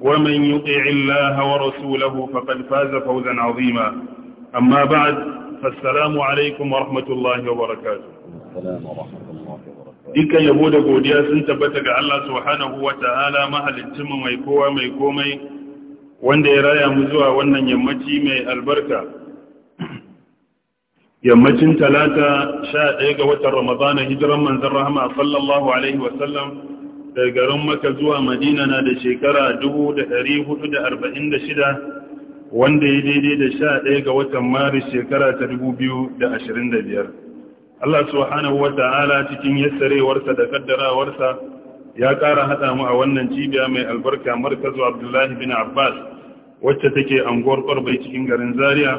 ومن يطع الله ورسوله فقد فاز فوزا عظيما أما بعد فالسلام عليكم ورحمة الله وبركاته السلام ورحمة الله وبركاته إيكا يهود قوديا سنتبتك الله سبحانه وتعالى مهل التم ميكوة ميكومي wanda ya raya mu zuwa wannan yammaci mai albarka yammacin talata sha ɗaya ga watan ramadana hijiran manzan rahama sallallahu alaihi wasallam daga garin maka zuwa madina na da shekara 446 wanda ya daidai da sha ɗaya ga watan maris shekara ta 2025 Allah subhanahu wa ta'ala cikin yassarewarsa da kaddarawarsa ya ƙara haɗa mu a wannan cibiya mai albarka markazu abdullahi bin abbas wacce take anguwar ƙwarbai cikin garin zaria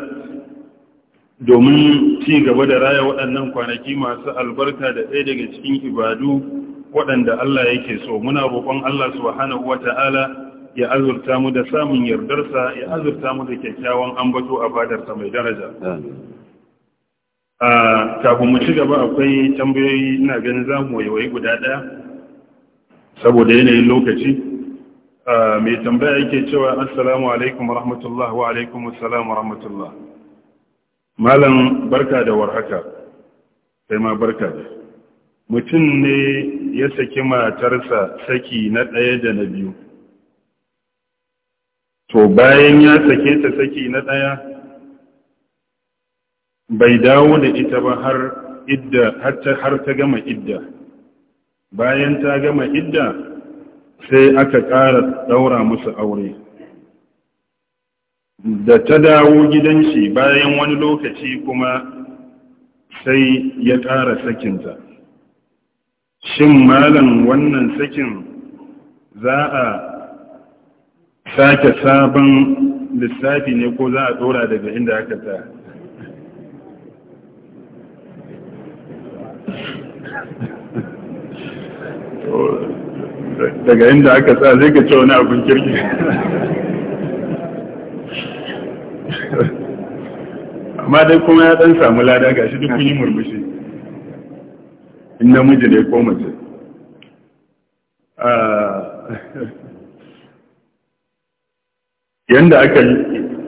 domin ci gaba da raya waɗannan kwanaki masu albarka da ɗaya daga cikin ibadu waɗanda Allah yake so muna roƙon Allah subhanahu wata'ala ya azurta mu da samun yardarsa ya azurta mu da kyakkyawan ambato a fadarsa mai daraja a kafin mu ci gaba akwai tambayoyi ina ganin za mu waiwayi guda ɗaya saboda yanayin lokaci mai tambaya yake cewa assalamu alaikum rahmatullah wa alaikum assalamu rahmatullah malam barka da warhaka kai ma barka da mutum ne ya saki matarsa saki na ɗaya da na biyu to bayan ya sake ta saki na ɗaya bai dawo da ita ba har idda har ta gama idda bayan ta gama idda sai aka ƙara ɗaura musu aure da ta dawo gidan shi bayan wani lokaci kuma sai ya ƙara sakinta shin malam wannan sakin za a sake sabon lissafi ne ko za a tsora daga inda aka ta daga inda aka sa zai ka cewa na abin kirki amma dai kuma ya dan samu lada ga shi duk kun yi murmushi in namiji ne ko mace yanda aka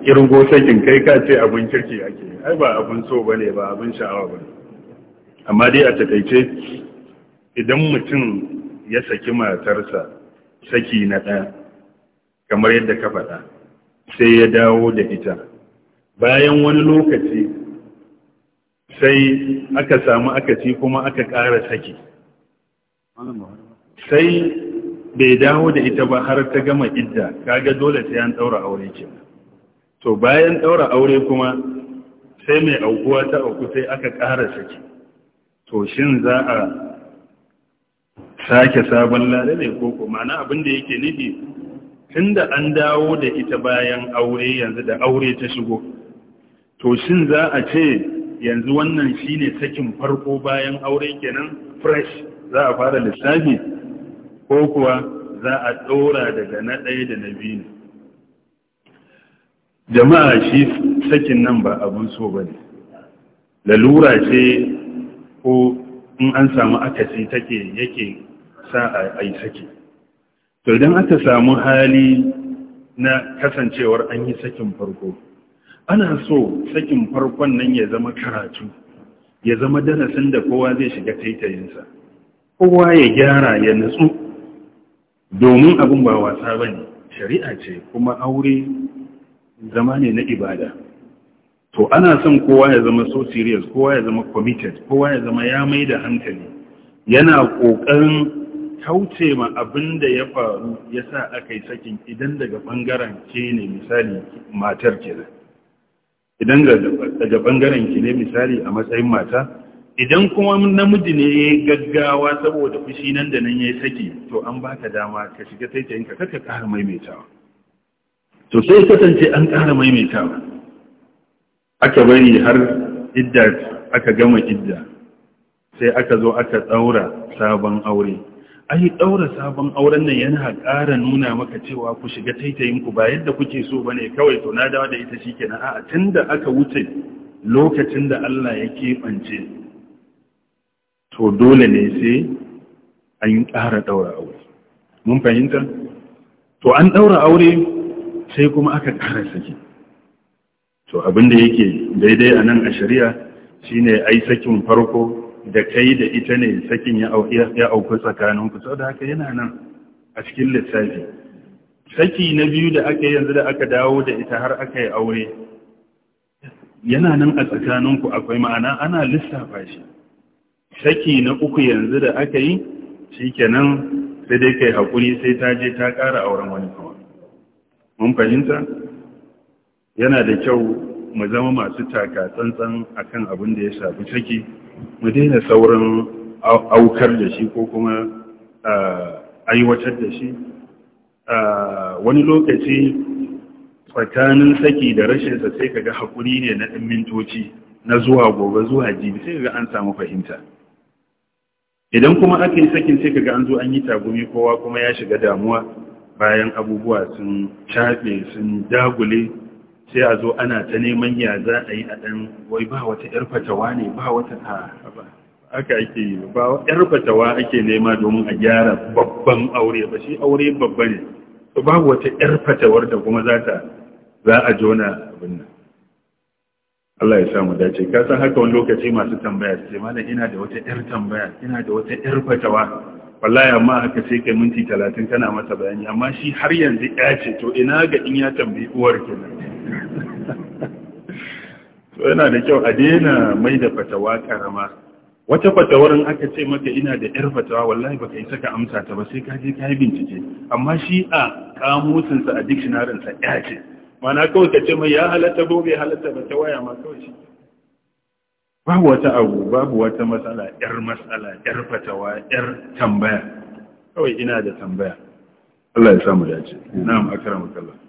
kirgo sakin kai ka ce abin kirki ake ai ba abin so bane ba abin sha'awa bane amma dai a takaice idan mutum ya saki matarsa saki na ɗaya kamar yadda ka faɗa sai ya dawo da ita bayan wani lokaci sai aka samu akaci kuma aka ƙara saki sai bai dawo da ita ba har ta gama idda kaga dole sai an ɗaura aure ce to bayan ɗaura aure kuma sai mai aukuwa ta auku sai aka ƙara saki to shin za a sake sabon lare ne ko kuma na abin da yake nufi tunda an dawo da ita bayan aure yanzu da aure ta shigo to shin za a ce yanzu wannan shine sakin farko bayan aure kenan fresh za a fara lissafi ko kuwa za a ɗora daga na ɗaya da na biyu jama'a shi sakin nan ba abin so ba ne lalura ce ko in an samu akasi take yake sa a yi saki to idan aka samu hali na kasancewar an yi sakin farko ana so sakin farkon nan ya zama karatu ya zama darasin da kowa zai shiga taitayinsa kowa ya gyara ya nutsu domin abin ba wasa ba ne shari'a ce kuma aure zama ne na ibada to ana son kowa ya zama so serious kowa ya zama committed kowa ya zama ya mai da hankali yana ƙoƙarin kauce ma abin da ya faru ya sa aka yi sakin idan daga ɓangaren ke ne misali matar kenan idan daga bangaren ki ne misali a matsayin mata idan kuma namiji ne ya gaggawa saboda fushi nan da nan ya yi saki to an baka dama ka shiga taitayinka kaka ƙara maimaitawa to sai kasance an ƙara maimaitawa aka bari har idda aka gama idda sai aka zo aka tsaura sabon aure ai daura sabon auren nan yana ƙara nuna maka cewa ku shiga taitayinku ku ba yadda kuke so bane kawai to na dawo da ita shikenan a'a tunda aka wuce lokacin da Allah ya keɓance to dole ne sai an ƙara daura aure mun fahimta to an daura aure sai kuma aka ƙara saki to abin da yake daidai a nan a shari'a shine ai sakin farko da kai da ita ne sakin ya auku tsakaninku sau da haka yana nan a cikin lissafi saki na biyu da aka yanzu da aka dawo da ita har aka yi aure yana nan a tsakaninku akwai ma'ana ana lissafa shi saki na uku yanzu da aka yi shi kenan sai dai kai hakuri sai ta je ta ƙara auren wani kawai mun fahimta yana da kyau mu zama masu taka tsantsan akan abin da ya shafi saki mu daina saurin aukar da shi ko kuma aiwatar da shi wani lokaci tsakanin saki da rashinsa sai kaga haƙuri ne na ɗan mintoci na zuwa gobe zuwa jibi sai kaga an samu fahimta idan kuma aka yi sakin sai kaga an zo an yi tagumi kowa kuma ya shiga damuwa bayan abubuwa sun shafe sun dagule sai a zo ana ta neman ya za a yi a ɗan wai ba wata ‘yar fatawa ne ba wata Ba aka ake yi ba ‘yar fatawa ake nema domin a gyara babban aure ba shi aure babba ne ba wata ‘yar fatawar da kuma za ta za a jona abin nan Allah ya samu dace ka san haka wani lokaci masu tambaya su ce malam ina da wata ‘yar tambaya ina da wata ‘yar fatawa wallahi amma haka sai kai minti talatin kana masa bayani amma shi har yanzu ya ce to ina ga in ya tambayi uwar kenan to yana da kyau a daina mai da fatawa karama wata fatawar in aka ce maka ina da yar fatawa wallahi baka yi saka amsa ta ba sai ka je ka yi bincike amma shi a kamusin sa a dictionary sa ya ce mana kawai ka ce mai ya halatta ko bai halatta ba ta waya ma kawai shi babu wata abu babu wata matsala yar matsala yar fatawa yar tambaya kawai ina da tambaya Allah ya samu dace na'am akramukallah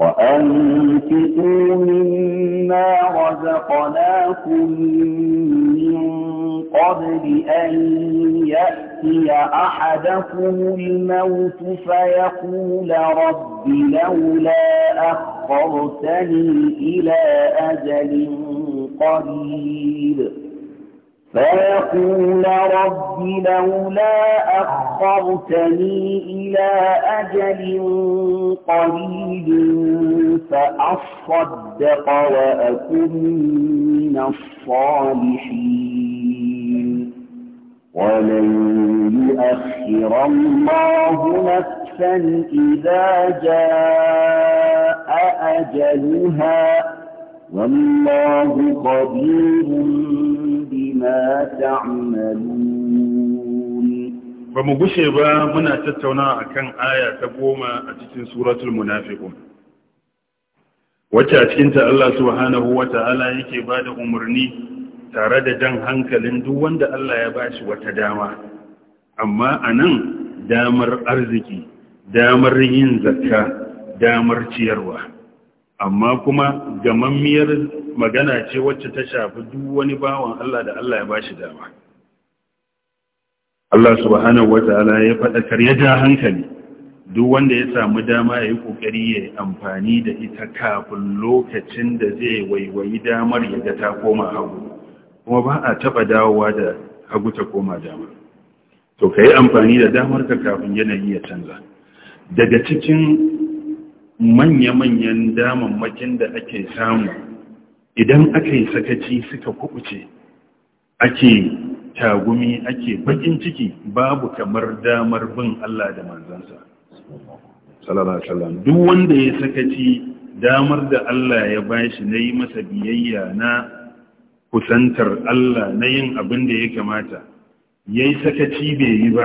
وأنفقوا مما رزقناكم من قبل أن يأتي أحدكم الموت فيقول رب لولا أخرتني إلى أجل قريب فيقول رب لولا أخرتني إلى أجل قليل فأصدق وأكن من الصالحين ولن يؤخر الله نفسا إذا جاء أجلها والله قدير Ba mu ba muna tattauna a kan aya ta goma a cikin suratul المنافقون wacce a cikinta Allah subhanahu wa ta'ala yake ba da umarni tare da jan hankalin duk wanda Allah ya ba shi wata dama, amma a nan damar arziki, damar yin zakka, damar ciyarwa, amma kuma gamammiyar magana ce wacce ta shafi duk wani bawan Allah da Allah ya ba shi dama Allah subhanahu wata'ala ya faɗakar ya ja hankali duk wanda ya samu dama ya yi ƙoƙari ya amfani da ita kafin lokacin da zai waiwayi damar ya ga ta koma hagu kuma ba a taɓa dawowa da hagu ta koma dama to ka yi amfani da damar ka kafin yanayi ya canza daga cikin manya-manyan damammakin da ake samu idan aka yi sakaci suka kuɓuce, ake tagumi ake bakin ciki babu kamar damar bin Allah da manzansa sallallahu duk wanda ya sakaci damar da Allah ya bashi na yi masa biyayya na kusantar Allah na yin abin da ya kamata ya yi sakaci bai yi ba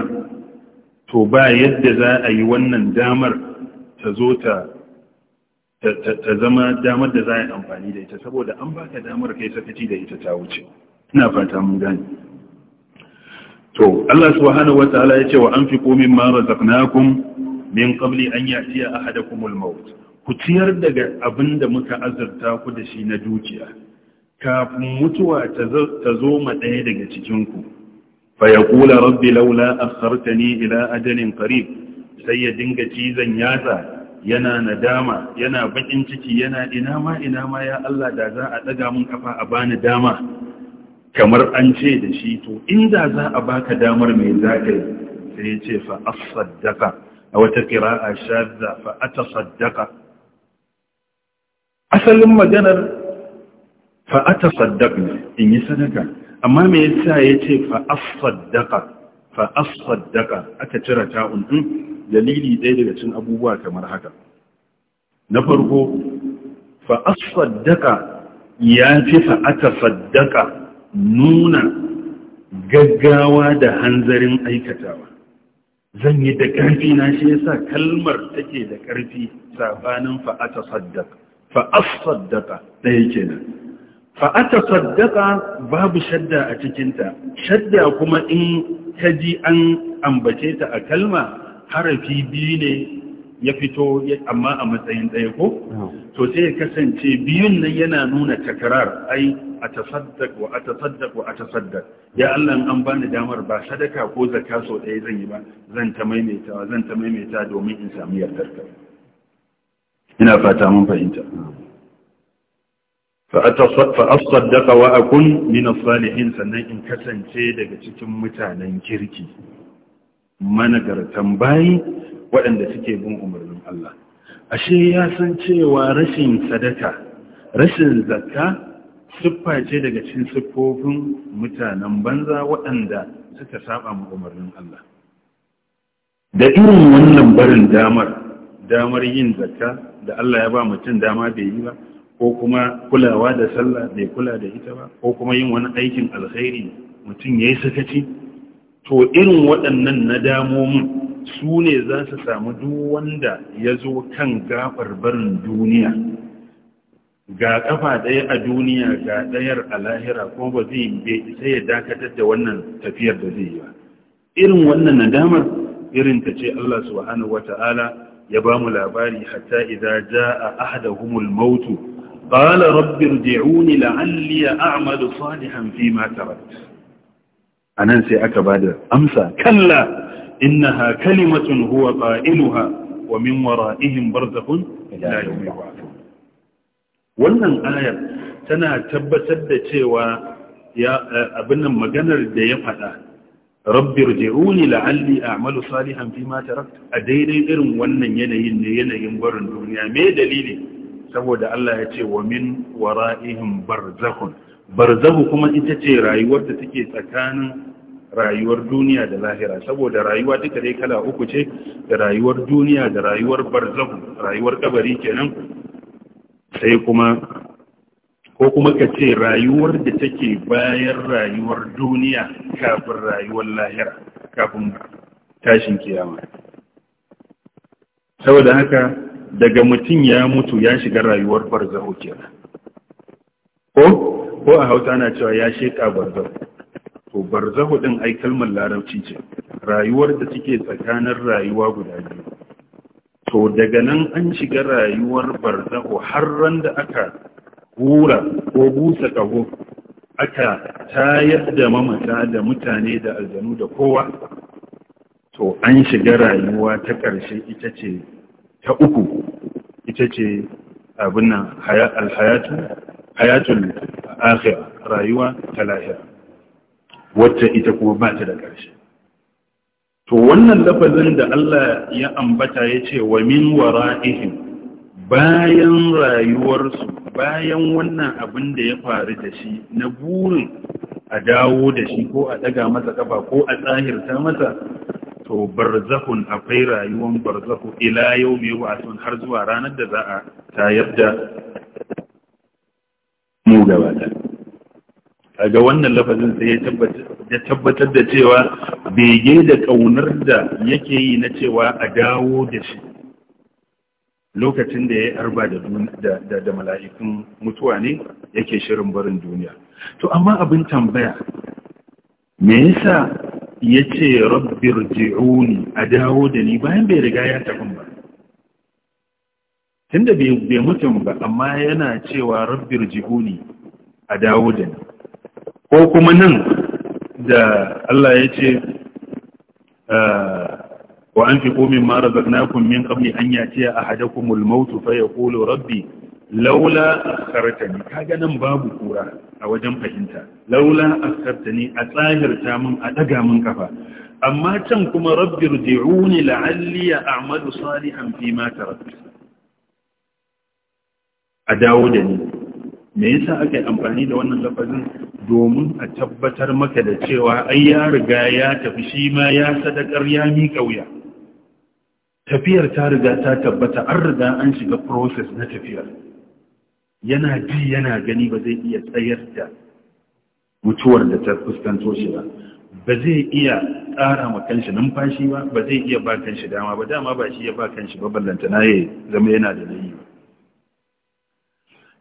to ba yadda za a yi wannan damar ta zo ta ta zama damar da za a yi amfani da ita saboda an ba ka damar kai sakaci da ita ta wuce ina fata mun gani to Allah subhanahu wataala ce wa anfiqu mimma razaqnakum min qabli an ya'tiya al maut ku ciyar daga abinda muka azurta ku da shi na dukiya kafin mutuwa ta zo ma ɗaya daga cikin ku fa yaqula rabbi laula akhartani ila ajalin qarib sai ya dinga cizon yatsa yana nadama yana bakin ciki yana ina ma ina ma ya Allah da za a daga mun kafa a bani dama kamar an ce da shi to inda za a baka damar mai zaka sai ya ce fa asaddaqa a wata qira'a shadda fa atasaddaqa asalin maganar fa atasaddaq in yi sadaka amma me yasa yace fa asaddaqa fa asaddaqa aka cira ta'un din dalili ɗaya daga cin abubuwa kamar haka na farko fa asfaddaka ya fi fa aka faddaka nuna gaggawa da hanzarin aikatawa zan yi da ƙarfi na shi yasa kalmar take da ƙarfi sabanin fa aka saddaka fa asfaddaka ɗaya kenan fa'ata saddaka babu shadda a cikinta, shadda kuma in kaji ji an ambace ta a kalma harafi biyu ne ya fito amma a matsayin ɗaya ko to sai ya kasance biyun nan yana nuna takarar ai a tasaddaq wa a tasaddaq wa a tasaddaq ya Allah an bani damar ba sadaka ko zaka sau ɗaya zan yi ba zan ta maimaitawa zan ta maimaita domin in samu yardarka ina fata mun fahimta Fa a fa'asaddaqa wa a kun nina salihin sannan in kasance daga cikin mutanen kirki managartan bayi waɗanda suke bin umarnin Allah ashe ya san cewa rashin sadaka rashin zakka siffa ce daga cikin siffofin mutanen banza waɗanda suka saba mu umarnin Allah da irin wannan barin damar damar yin zakka da Allah ya ba mutum dama bai yi ba ko kuma kulawa da sallah bai kula da ita ba ko kuma yin wani aikin alkhairi mutum ya yi sakaci to irin waɗannan nadamomin su ne za su samu duk wanda ya zo kan gabar barin duniya ga ƙafa ɗaya a duniya ga ɗayar a lahira kuma ba zai sai ya dakatar da wannan tafiyar da zai yi ba irin wannan nadamar irin ta ce Allah subhanahu wata'ala ya ba mu labari hatta idza jaa ahaduhumul maut qala rabbi irji'uni la'alli a'malu salihan fima tarakt a nan sai aka ba da amsa kalla innaha kalimatun huwa qailuha wa min wara'ihim barzakhun ila wannan ayar tana tabbatar da cewa ya eh, abin maganar da ya faɗa rabbi rji'uni la'alli a'malu salihan ma taraktu a daidai irin wannan yanayin ne yanayin barin duniya me dalili saboda Allah ya ce wa min wara'ihim barzakhun barzahu kuma ita ce rayuwar da take tsakanin rayuwar duniya da lahira saboda rayuwa duka dai kala uku ce da rayuwar duniya da rayuwar barzahu rayuwar kabari kenan sai kuma ko kuma ka ce rayuwar da take bayan rayuwar duniya kafin rayuwar lahira kafin tashin kiyama saboda haka daga mutum ya mutu ya shiga rayuwar barzahu kenan ko ko a hauta ana cewa ya sheƙa barzahu to barzahu ɗin ai kalmar larabci ce rayuwar da take tsakanin rayuwa guda biyu to daga nan an shiga rayuwar barzahu har ran da aka hura ko busa ƙaho aka tayar da mamata da mutane da aljanu da kowa to an shiga rayuwa ta ƙarshe ita ce ta uku ita ce abin nan alhayatul akhira rayuwa ta lahira wacce ita kuma ba ta da ƙarshe to wannan lafazin da Allah ya ambata ya ce wa min wara'ihim bayan rayuwarsu bayan wannan abin da ya faru da shi na burin a dawo da shi ko a daga masa kafa ko a tsahirta masa to barzakun akwai rayuwan barzahu ila yau mai wa'asun har zuwa ranar da za a tayar da mu gaba ga wannan lafazin sai ya tabbatar da cewa bege da ƙaunar da yake yi na cewa a dawo da shi lokacin da ya yi arba da mala'ikun mutuwa ne yake shirin barin duniya to amma abin tambaya me yasa ya ce rabbir a dawo da ni bayan bai riga ya tafi ba tunda bai mutum ba amma yana cewa rabbir jihuni a dawo da ni ko kuma nan da Allah ya ce ah, wa an fi komin mara zaknakun min kabli an yace a hadakumul mautu fa ya kolo rabbi laula askartani kaga nan babu kura a wajen fahimta laula askartani a tsahirta min a daga min kafa amma can kuma rabbir ji'uni la'alliya ya a'malu salihan fi mata taraktu a dawo da ni me yasa aka yi amfani da wannan lafazin domin a tabbatar maka da cewa ai ya riga ya tafi shi ma ya sadakar ya mi kauya tafiyar ta riga ta tabbata an riga an shiga process na tafiyar yana ji yana gani ba zai iya tsayar da mutuwar da ta fuskanto shi ba ba zai iya tsara ma kanshi numfashi ba ba zai iya ba kanshi dama ba dama ba shi ya ba kanshi ba ballanta na ya zama yana da nayi ba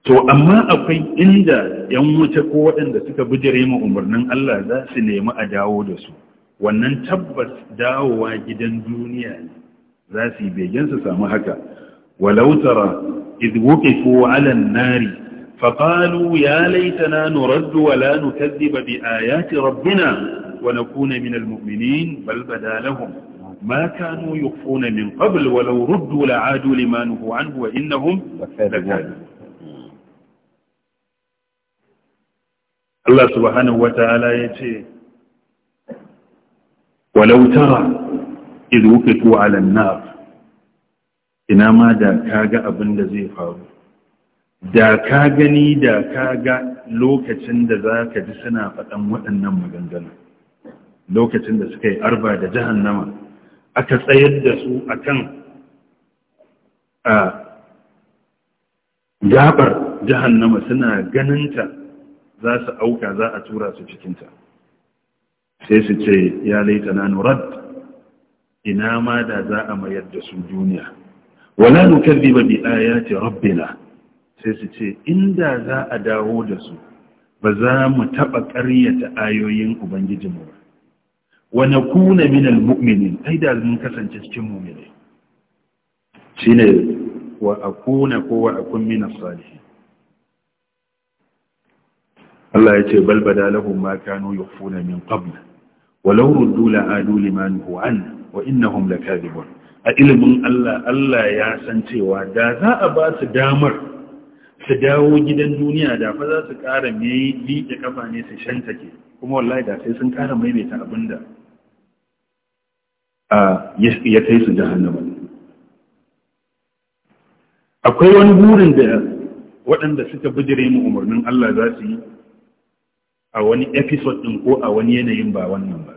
to amma akwai inda yan wuce ko waɗanda suka bijire mu umarnin Allah za su nemi a dawo da su wannan tabbas dawowa gidan duniya ne za su yi begen su samu haka walau tara idh wuqifu nari faqalu ya laitana nuraddu wa la nukadhiba bi ayati rabbina wa nakuna min almuminin muminin bal badalahum ma kanu yukhfuna min qabl walau ruddu la'adu lima nuhu anhu wa innahum Allah subhanahu wa ta'ala ya ce, Walau tara, idu wuke tuwa alannar, ina ma da ka ga abin da zai faru. Da ka gani da ka ga lokacin da za ka ji suna faɗan waɗannan maganganu, lokacin da suka yi arba da jahannama, aka tsayar da su a kan a gabar jahannama suna ganinta. za su auka za a tura su cikinta sai su ce ya laita na nurad ina ma da za a mayar da su duniya wala nukazziba bi ayati rabbina sai su ce inda za a dawo da su ba za mu taba ƙaryata ayoyin ubangijinmu ba wa nakuna al mu'minin ai da mun kasance cikin mumini shine wa akuna ko wa akun minas salihin Allah ya ce bal lahum ma kanu yukhfuna min qabl walau ruddu la adu liman huwa an wa innahum lakadibun a ilimin Allah Allah ya san cewa da za a ba su damar su dawo gidan duniya da fa za su ƙara mai liƙe kafa ne su ke. kuma wallahi da sai sun ƙara maimaita abinda ya kai su jahannama akwai wani burin da waɗanda suka bijire mu umarnin Allah za su yi a wani episode din ko a wani yanayin ba wannan ba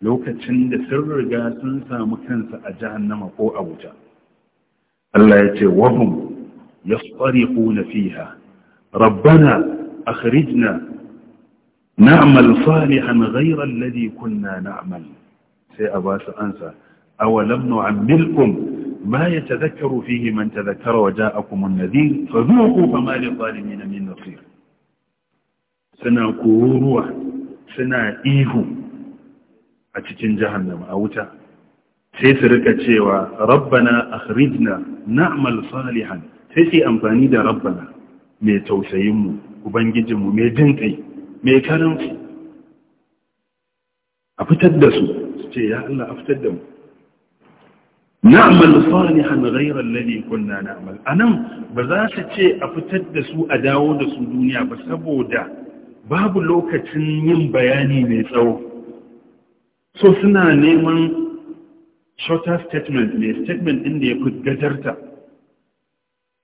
lokacin da sun riga sun samu kansa a jahannama ko a wuta Allah ya ce wahum yasariquna fiha rabbana akhrijna na'mal salihan ghayra alladhi kunna na'mal sai a ba su ansa awalam nu'ammilkum ma yatadhakkaru fihi man tadhakkara wa ja'akum an-nadhir fadhuqu fama lil-zalimin min nasir suna kururuwa suna ihu a cikin jahannama a wuta sai su rika cewa rabbana akhrijna na'mal salihan sai su amfani da rabbana mai tausayinmu ubangijinmu mai jin kai mai karanci a fitar da su su ce ya Allah a fitar da mu na'mal salihan ghayra alladhi kunna na'mal anan ba za su ce a fitar da su a dawo da su duniya ba saboda babu lokacin yin bayani mai tsawo so suna neman shorter statement ne statement ɗin da ya fi gajarta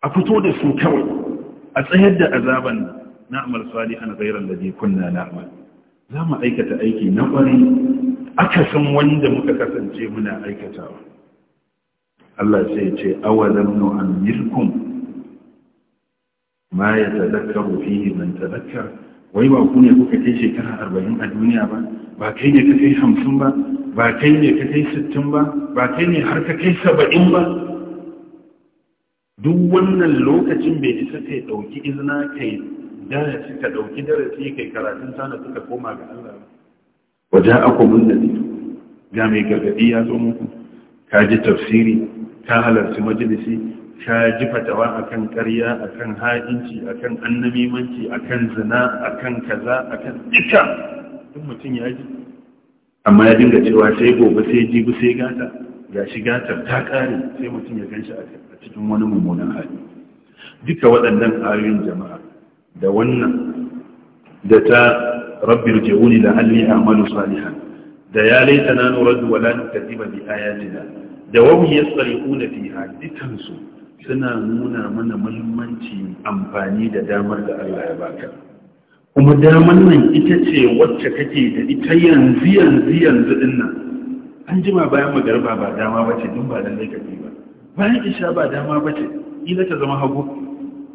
a fito da su kawai a tsayar da azaban na amal salihan gairar da zai kunna na amal za mu aikata aiki na ƙwari aka san wanda muka kasance muna aikatawa Allah sai ya ce awalam nu'ammirkum ma ya yatadakkaru fihi man tadakkara wai ba ku ne kuka kai shekara arba'in a duniya ba ba kai ne ka kai hamsin ba ba kai ne ka kai sittin ba ba kai ne har ka kai saba'in ba duk wannan lokacin bai isa kai ɗauki izina kai darasi ka ɗauki darasi kai karatun sana suka koma ga Allah ba waje aku mun ga mai gargaɗi ya zo muku ka ji tafsiri ka halarci majalisi ka ji fatawa akan ƙarya akan ha'inci kan annamimanci kan zina kan kaza kan duka duk mutum ya ji amma ya dinga cewa sai gobe sai jibi sai gata ga shi gatar ta ƙare sai mutum ya gan shi a cikin wani mummunan hali duka waɗannan ayoyin jama'a da wannan da ta rabbir da da halli amalu salihan da ya laita na nurar duwala nuka ziba bi ayatina da wahiyar tsari'una fiha dukansu suna nuna mana muhimmanci amfani da damar da Allah ya baka kuma damar nan ita ce wacce kake da ita yanzu yanzu yanzu din nan an jima bayan magarba ba dama bace dun ba dan laifi ba bayan isha ba dama bace ila ta zama hagu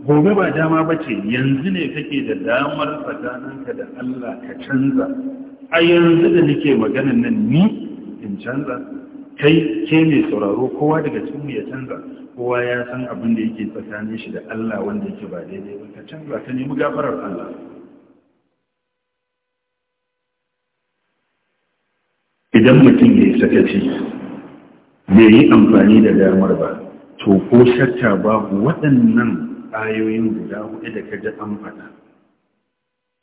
gobe ba dama bace yanzu ne kake da damar tsakaninka da Allah ka canza a yanzu da nake maganar nan ni in canza kai ke mai sauraro kowa daga cikinmu ya canza kowa ya san abin da yake tsakanin shi da Allah wanda yake ba daidai ba ka canza ka nemi gafarar Allah idan mutum ya yi sakaci bai yi amfani da damar ba to ko shakka ba waɗannan ayoyin guda hudu da ji an faɗa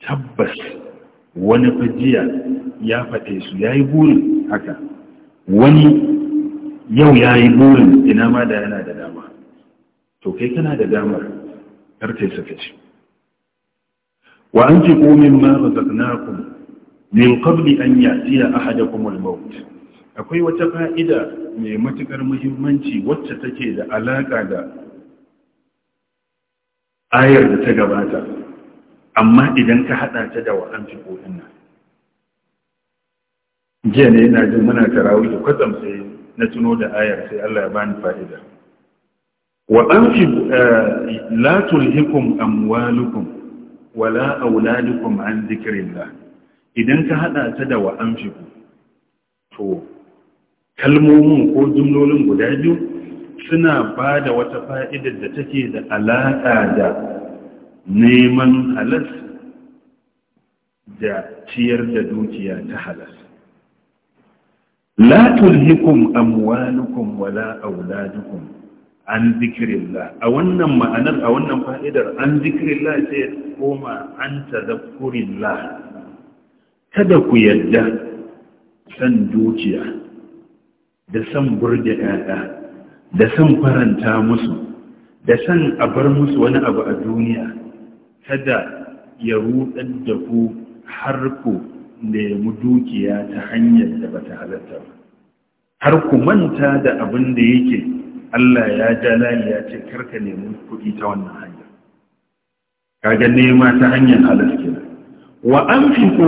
tabbas wani fajiya ya faɗe su ya yi burin haka wani yau ya yi burin ina ma da yana da dama to kai kana da damar kar kai ce wa an ce komin ma razaqnakum min qabli an ya'tiya ahadakum al-maut akwai wata fa'ida mai matukar muhimmanci wacce take da alaka da ayar da ta gabata amma idan ka hada ta da wa an ce jiya ne yana jin muna tarawih kwatsam sai na tuno da ayar sai Allah ya bani fa'ida wa anfiqu eh, la tulhikum amwalukum wala auladukum an dhikrillah idan ka hada ta da wa to kalmomin ko jumlolin guda biyu suna ba da wata fa'idar da take da alaƙa da neman halas da ciyar da dukiya ta halas la tulhikum amwalukum wala auladukum an zikirillah a wannan ma'anar a wannan fa'idar an zikirillah sai koma an tazakkurillah kada ku yadda san dukiya da san burge ƴaƴa da san faranta musu da san a bar musu wani abu a duniya kada ya ruɗan daku har ku nemi dukiya ta hanyar da bata halatta ba har ku manta da abin da yake Allah ya ja layi ya ce karka nemi kuɗi ta wannan hanya kaga nema ta hanyar halas kenan wa ku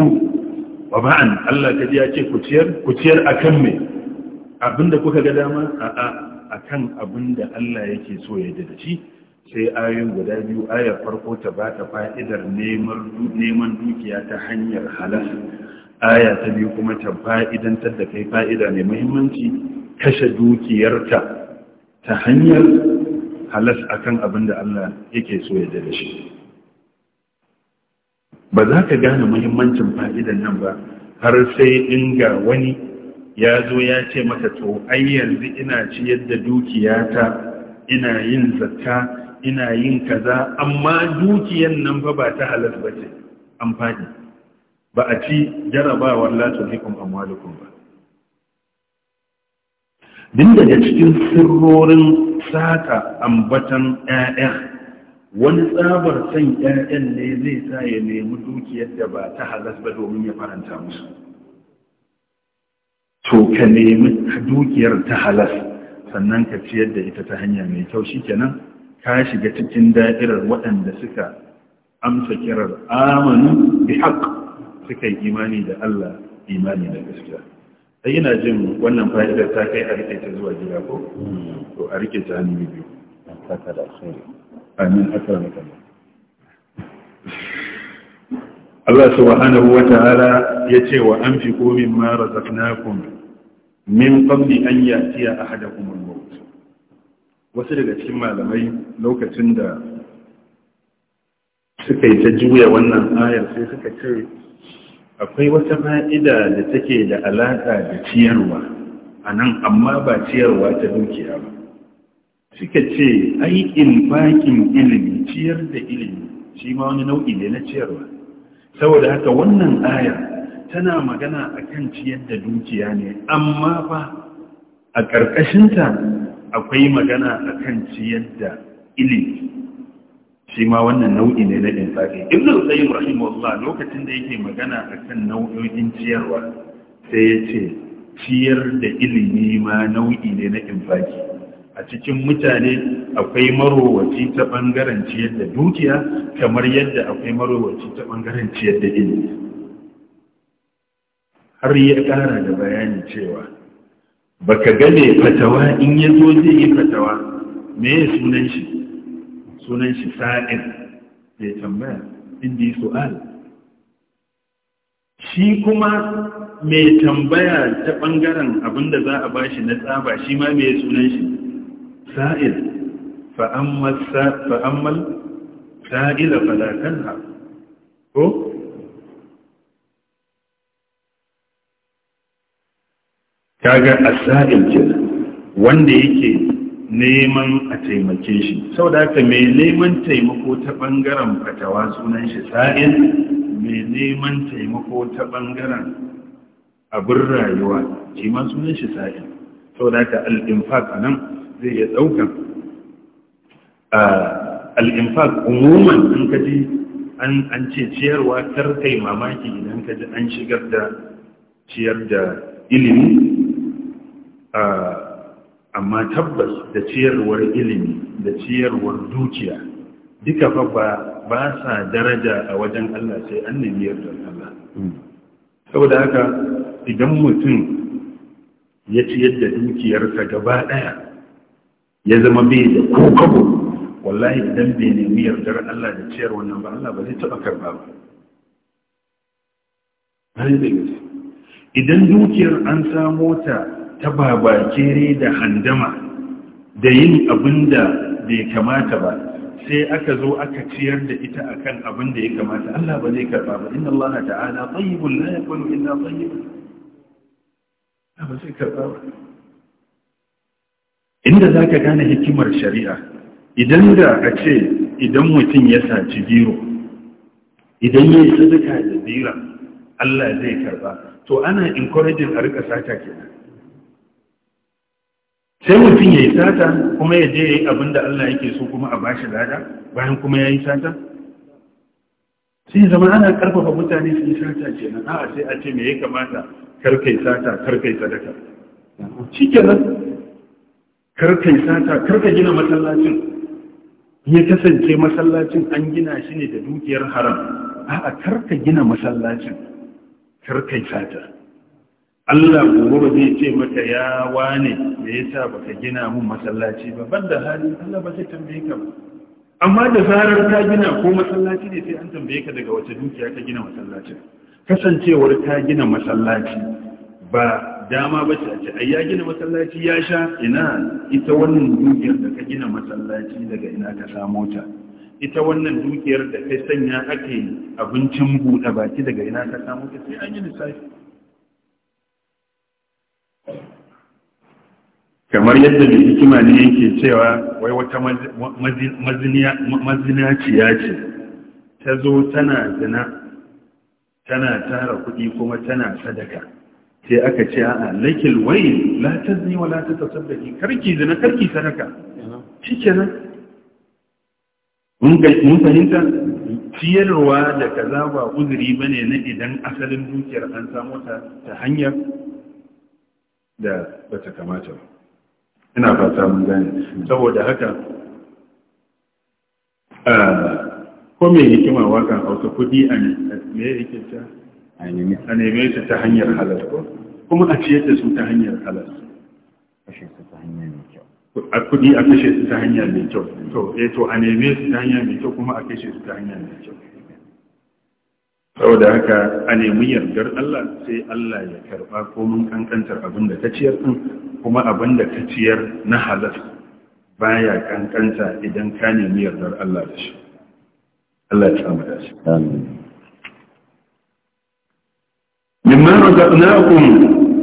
wa ba'an Allah ka ya ce ku ciyar ku ciyar akan me abinda kuka ga dama a'a akan da Allah yake so ya da shi sai ayoyin guda biyu ayar farko ta ba ta fa'idar neman dukiya ta hanyar halas aya ta biyu kuma ta fa'idantar da kai fa'ida mai muhimmanci kashe dukiyarta ta hanyar halas a kan abin da Allah yake so ya da shi ba za ka gane muhimmancin fa'idan nan ba har sai in ga wani ya zo ya ce maka to ai yanzu ina ciyar da dukiyata ina yin zakka ina yin kaza amma dukiyan nan fa ba ta halal ba ce amfani ba a ci jarabawar latulikum amwalukum ba din daga cikin sirrorin saka ambatan 'ya'ya wani tsabar san 'ya'yan ne zai sa ya nemi dukiyar da ba ta halas ba domin ya faranta musu to ka nemi dukiyar ta halas sannan ka ciyar da ita ta hanya mai kyau kenan. ka shiga cikin da'irar waɗanda suka amsa kirar amanu bi haqq suka yi imani da Allah imani da gaskiya a ina jin wannan fa'idar ta kai a rike ta zuwa gida ko mm. to a rike ta hannu biyu saka da alkhairi amin Allah subhanahu wa ta'ala ce wa min mara razaqnakum min qabli an ya'tiya ahadakum al wasu daga cikin malamai lokacin da suka yi ta juya wannan ayar sai suka ce akwai wata fa'ida da take da alaƙa da ciyarwa a nan amma ba ciyarwa ta dukiya ba suka ce aikin bakin ilimi ciyar da ilimi shi ma wani nau'i ne na ciyarwa saboda haka wannan ayar tana magana akan ciyar da dukiya ne amma ba a ƙarƙashinta akwai magana a kan ciyar da ilimi shi ma wannan nau'i ne na insafi ibnu qayyim rahimahullah lokacin da yake magana a kan nau'o'in ciyarwa sai ya ce ciyar da ilimi ma nau'i ne na infaki a cikin mutane akwai marowaci ta ɓangaren ciyar da dukiya kamar yadda akwai marowaci ta ɓangaren ciyar da ilimi har ya ƙara da bayani cewa baka ga mai fatawa in ya zo zai yi fatawa me ya sunan shi sunan shi sa'in ya tambaya inda yi su'al shi kuma mai tambaya ta ɓangaren abinda za a bashi na tsaba shi ma me sunan shi sa'il fa'ammal sa'ila falakan ha ko kaga asa'il kenan wanda yake neman a taimake shi saboda haka mai neman taimako ta bangaren fatawa sunan shi sa'il mai neman taimako ta bangaren abin rayuwa shi ma sunan shi sa'il saboda haka al-infaq nan zai iya ɗaukan? al-infaq umuman in kaji an an ce ciyarwa kar kai mamaki idan kaji an shigar da ciyar da ilimi amma tabbas da ciyarwar ilimi da ciyarwar dukiya duka fa ba ba sa daraja a wajen Allah sai an nemi yardar Allah hmm. saboda haka idan mutum ya ciyar da dukiyarsa gaba daya ya zama bai da kokabo wallahi idan bai nemi yardar Allah da ciyar wannan ba Allah ba zai taba karba ba idan dukiyar an samu ta ta babakere da handama da yin abin da bai kamata ba sai aka zo aka ciyar da ita akan abin da ya kamata Allah ba zai karba ba inna Allah ta'ala tayyibun la yakunu illa tayyiban ba zai karba ba inda zaka gane hikimar shari'a idan da a ce idan mutum ya saci biro idan ya yi sadaka da biro, Allah zai karba to ana encouraging a rika sata kenan sai mutum ya yi sata kuma ya je abin da Allah yake so kuma a bashi lada bayan kuma ya yi sata sai zama ana karfafa mutane su yi sata ce na a'a sai a ce me ya kamata karkai sata karkai sadaka shi nan karkai sata karka gina masallacin ya kasance masallacin an gina shi ne da dukiyar haram a karka gina masallacin karkai sata Allah gobe ba zai ce mata ya wane me yasa baka gina mun masallaci ba banda hali Allah ba zai tambaye ka ba amma da zarar ta gina ko masallaci ne sai an tambaye ka daga wace dukiya ka gina masallacin kasancewar ta gina masallaci ba dama ba ce a ce ai ya gina masallaci ya sha ina ita wannan dukiyar da ka gina masallaci daga ina ka samo ta ita wannan dukiyar da kai sanya ake abincin buɗe baki daga ina ka samo ta sai an yi lissafi kamar yadda da hikima ne yake cewa wai wata mazinaciya ce ta zo tana zina tana tara kuɗi kuma tana sadaka sai aka ce a laikil wai la ta wa ta tasaddaki karki zina karki sadaka shi nan mun fahimta ciyarwa da kaza ba uzuri bane na idan asalin dukiyar an samu ta hanyar da bata kamata ba ina fata mun gane saboda haka ko mai hikima wakan hausa kudi a ne yake ta a neme su ta hanyar halas kuma a ciyar da su ta hanyar halas a kudi a kashe su ta hanyar mai kyau eh to a neme su ta hanyar mai kyau kuma a kashe su ta hanyar mai kyau saboda haka a nemi yardar Allah sai Allah ya karba komin kankantar abin da ta ciyar din kuma abin da ta ciyar na halal baya kankanta idan ka nemi yardar Allah da shi Allah ya samu da shi amin mimma razaqnakum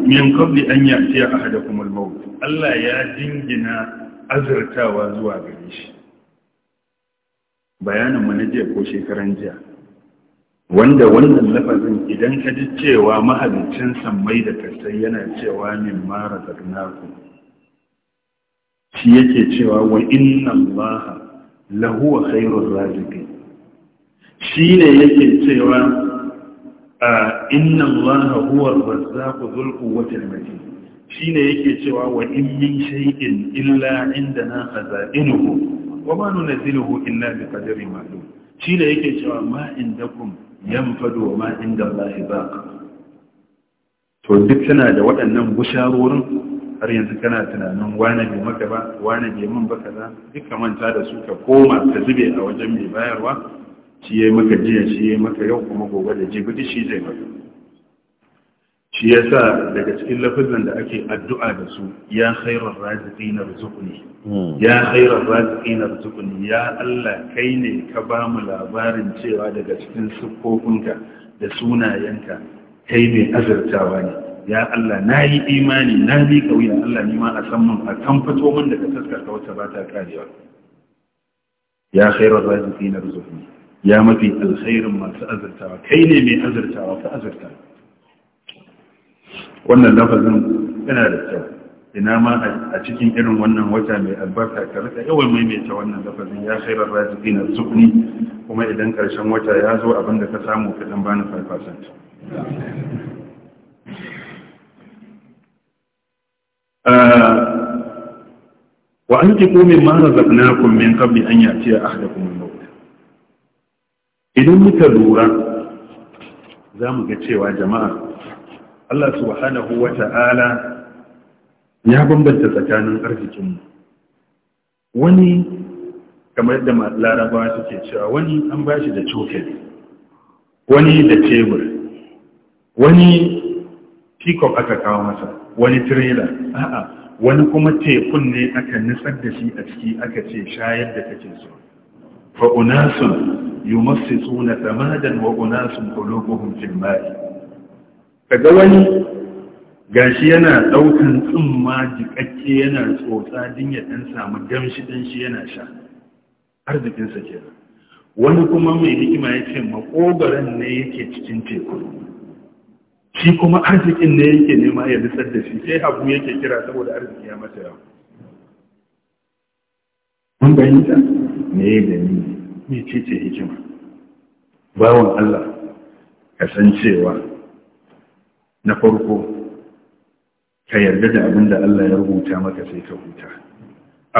min qabli an ya'tiya ahadakum al-maut Allah ya dingina azurtawa zuwa gare shi bayanin mu na jiya ko shekaran jiya wanda wannan lafazin idan ka ji cewa mahalicin sammai da kasai yana cewa min mara zarnaku shi yake cewa wa inna Allah wa khairur raziqi shi ne yake cewa inna Allah huwa ar-razzaqu dhul quwwati al-matin shi ne yake cewa wa in min shay'in illa indana khaza'inuhu wa ma nunzilu illa bi qadri ma'lum shi ne yake cewa ma indakum yanfado ma inda Allahi ka. to duk tana da waɗannan gusharorin, har yanzu kana tunanin wane bai maka ba wane bai min ba kaza duk ka manta da su ka koma ka zube a wajen mai bayarwa shi yayi maka jiya shi yayi maka yau kuma gobe da jibi shi zai maka shi ya sa daga cikin lafizan da ake addu'a da su ya khairar raziki na rizukuni hmm. ya khairar raziki na rizukuni ya Allah kai ne ka ba mu labarin cewa daga cikin siffofinka da sunayenka kai mai azurtawa ne ya Allah na yi imani na bi kauya Allah nima a san mun a kan fito min daga taskarka wata ba ta karewa ya khairar raziki na rizukuni ya mafi alkhairin masu azurtawa kai ne mai azurtawa ka azurtawa wannan lafazin yana da kyau ina ma a cikin irin wannan wata mai albarka ka rika yawan maimaita wannan lafazin ya khairar raziki na sukni kuma idan karshen wata ya zo abinda ka samu ka dan bani 5% ah, wa an ki kome ma razaqnakum min qabli an ya'tiya ahadakum al-maut idan muka lura zamu ga cewa jama'a Allah subhanahu wa ta'ala ya bambanta tsakanin arzikinmu wani kamar yadda larabawa suke cewa wani an ba shi da cokali wani da tebur wani peacock aka kawo masa wani trailer a'a wani kuma tekun ne aka nutsar da shi a ciki aka ce shayar da kake so fa unasun suna samadan wa unasun qulubuhum fil ma'i kaga wani gashi yana daukan tsumma jikakke yana tsotsa din ya dan samu damshi dan shi yana sha arzikinsa ke wani kuma mai hikima ya ce makogaran ne yake cikin teku shi kuma arzikin ne yake nema ya lissar da shi sai abu yake kira saboda arziki ya mata yawa mun bayyanta me ya gani ne ce hikima bawan Allah cewa. na farko ka yarda da abin da Allah ya rubuta maka sai ka huta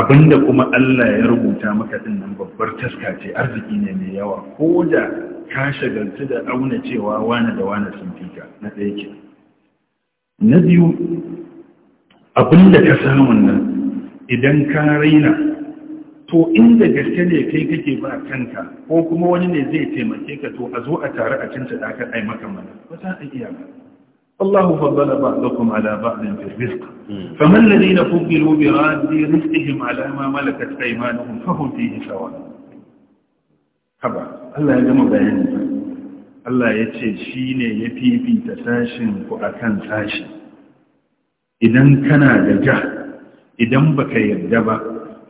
abin da kuma Allah ya rubuta maka din nan babbar taska ce arziki ne mai yawa ko da ka shagaltu da auna cewa wani da wani sun fika na ɗaya ke na biyu abin da ka samun nan idan ka raina to inda gaske ne kai kake ba kanka ko kuma wani ne zai taimake ka to a zo a tare a cinta dakar ai maka mana ba za iya ba الله فضل بعضكم على بعض في الرزق فما الذين فضلوا براد رزقهم على ما ملكت أيمانهم فهم فيه سواء haba Allah ya gama bayani Allah ya ce shi ne ya fifita sashin ku a kan sashi idan kana da ja idan baka yarda ba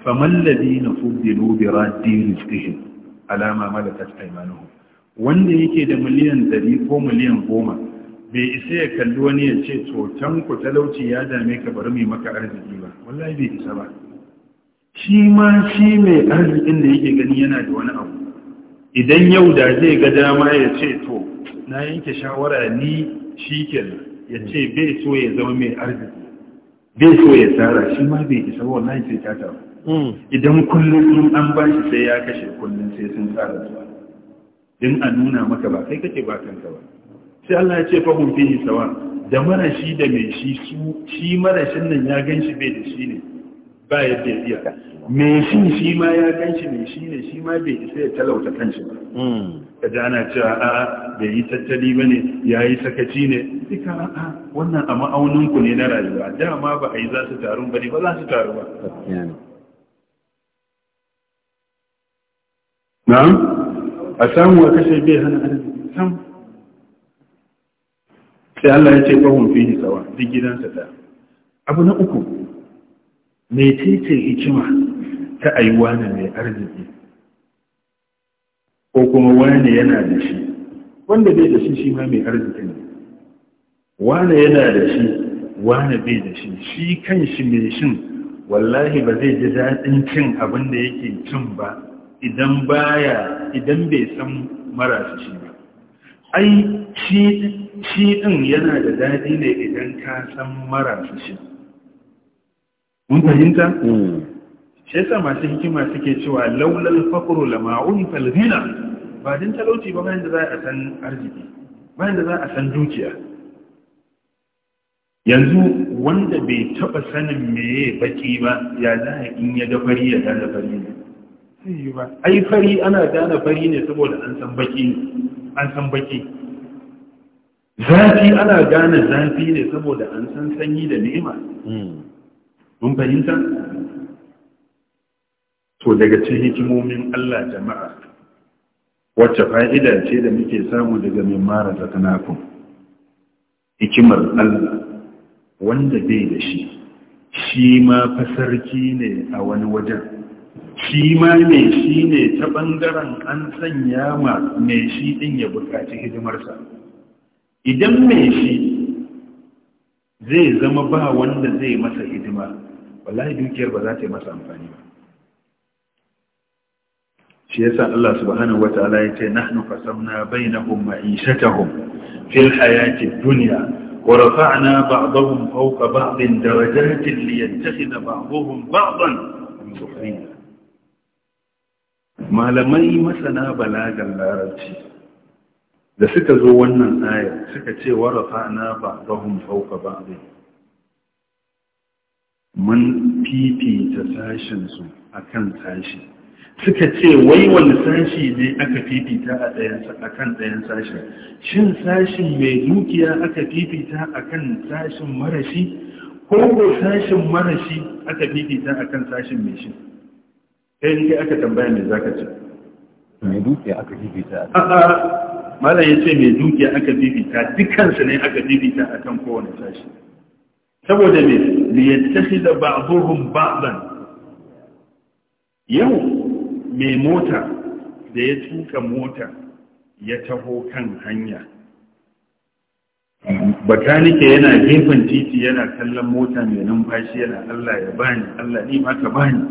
famallabi na fudilu bi raddi rizqihim alama malakat aymanuhum wanda yake da miliyan 100 ko miliyan 10 bai isa ya kalli wani ya ce tsoton ku talauci ya dame ka bari mai maka arziki ba wallahi bai isa ba shi ma shi mai arzikin da yake gani yana da wani abu idan yau da zai ga dama ya ce to na yanke shawara ni shi ke ya ce bai so ya zama mai arziki bai so ya tsara shi ma bai isa ba wallahi sai ta taru hmm. idan kullum sun an ba shi sai ya kashe kullum sai sun tsara zuwa din a nuna maka ba kai kake ba kanka ba sai Allah ya ce fahun fihi sawa da marashi da mai shi su shi marashin nan ya ganshi bai da shi ne ba yadda ya iya mai shi shi ma ya ganshi mai shi ne shi ma bai isa ya talauta kanshi ba hmm. ka ji ana cewa a'a bai yi tattali ba ne ya yi sakaci ne duka a'a wannan a ma'auninku ne na rayuwa dama ba a yi za su taru ba ne ba za su taru ba na'am a samu a kashe bai hana arziki sam sai Allah ya ce fahim fihi sawa duk gidansa ta. abu na uku me hikima ta aiwa mai arziki ko kuma wani yana da shi wanda bai da shi shi ma mai arziki ne wani yana da shi wani bai da shi shi kan shi mai shin wallahi ba zai ji daɗin cin abin da yake cin ba idan baya idan bai san marasa shi ba ai shi shi ɗin yana da daɗi ne idan ka san marasa shi mun fahimta? Hmm. shi yasa masu hikima suke cewa laulal fakuru ma'un falzina ba din talauci ba bayan da za a san arziki bayan da za a san dukiya yanzu wanda bai taɓa sanin meye baki ba ya za in ya ga ya gane fari ne ai fari ana gane fari ne saboda an san baki an san baki zafi ana gane zafi ne saboda an san sanyi da ni'ima hmm. mun fahimta to daga cikin hikimomin Allah jama'a wacce fa'ida ce da muke samu daga mai mara zatanakun hikimar Allah wanda bai da shi shi ma fasarki ne a wani wajen shi ma mai shi ne ta ɓangaren an sanya ma mai shi ɗin ya buƙaci hidimarsa idan mai shi zai zama ba wanda zai masa hidima wallahi dukiyar ba za ta yi masa amfani ba shi yasa Allah subhanahu wataala ya ce nahnu qasamna bainahum ma'ishatahum fil hayati dunya wa rafa'na ba'dahum fawqa ba'din darajatin liyattakhidha ba'dahum ba'dan sukhriya malamai masana balagan larabci da suka zo wannan ayar suka ce warafa na ba rahun fauka ba zai mun fifita sashensu a kan sashi suka ce wai wani sashi ne aka fifita a kan ɗayan sashen shin sashin mai dukiya aka fifita a kan sashin marashi ko ko sashin marashi aka fifita a kan sashin mai shi ɗaya ke aka tambaya mai zaka ce mai dukiya aka fifita a malam ya ce mai dukiya aka bibita dukansu ne aka bibita a kan kowane tashi saboda mai liyattafi da ba'azuhun ba'ban yau mai mota da ya tuka mota ya taho kan hanya bakanike yana gefen titi yana kallon mota mai numfashi yana allah ya bani allah ni maka bani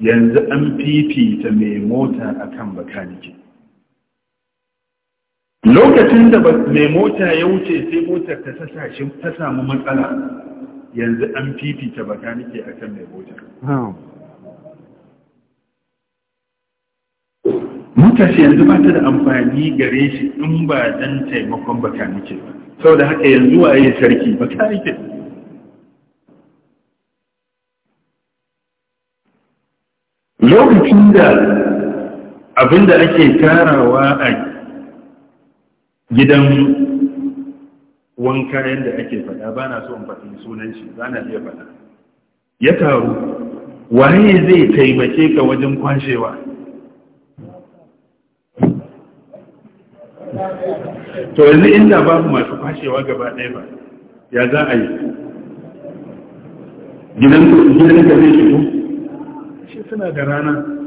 yanzu an fifita mai mota akan bakanike lokacin da mai mota ya wuce sai motar ta sasashin ta samu matsala yanzu an fifita bakanike a kan mai motar mutar shi yanzu ba ta da amfani gare shi in ba don taimakon bakanike ba sau da haka yanzu a yi sarki nike lokacin da abinda ake tarawa a gidan wanka yadda ake faɗa ba na so in faɗi sunan shi ba na iya faɗa ya taru waye zai taimake ka wajen kwashewa to yanzu inda babu masu kwashewa gaba ɗaya ba ya za a yi gidan ka zai shigo shi suna da rana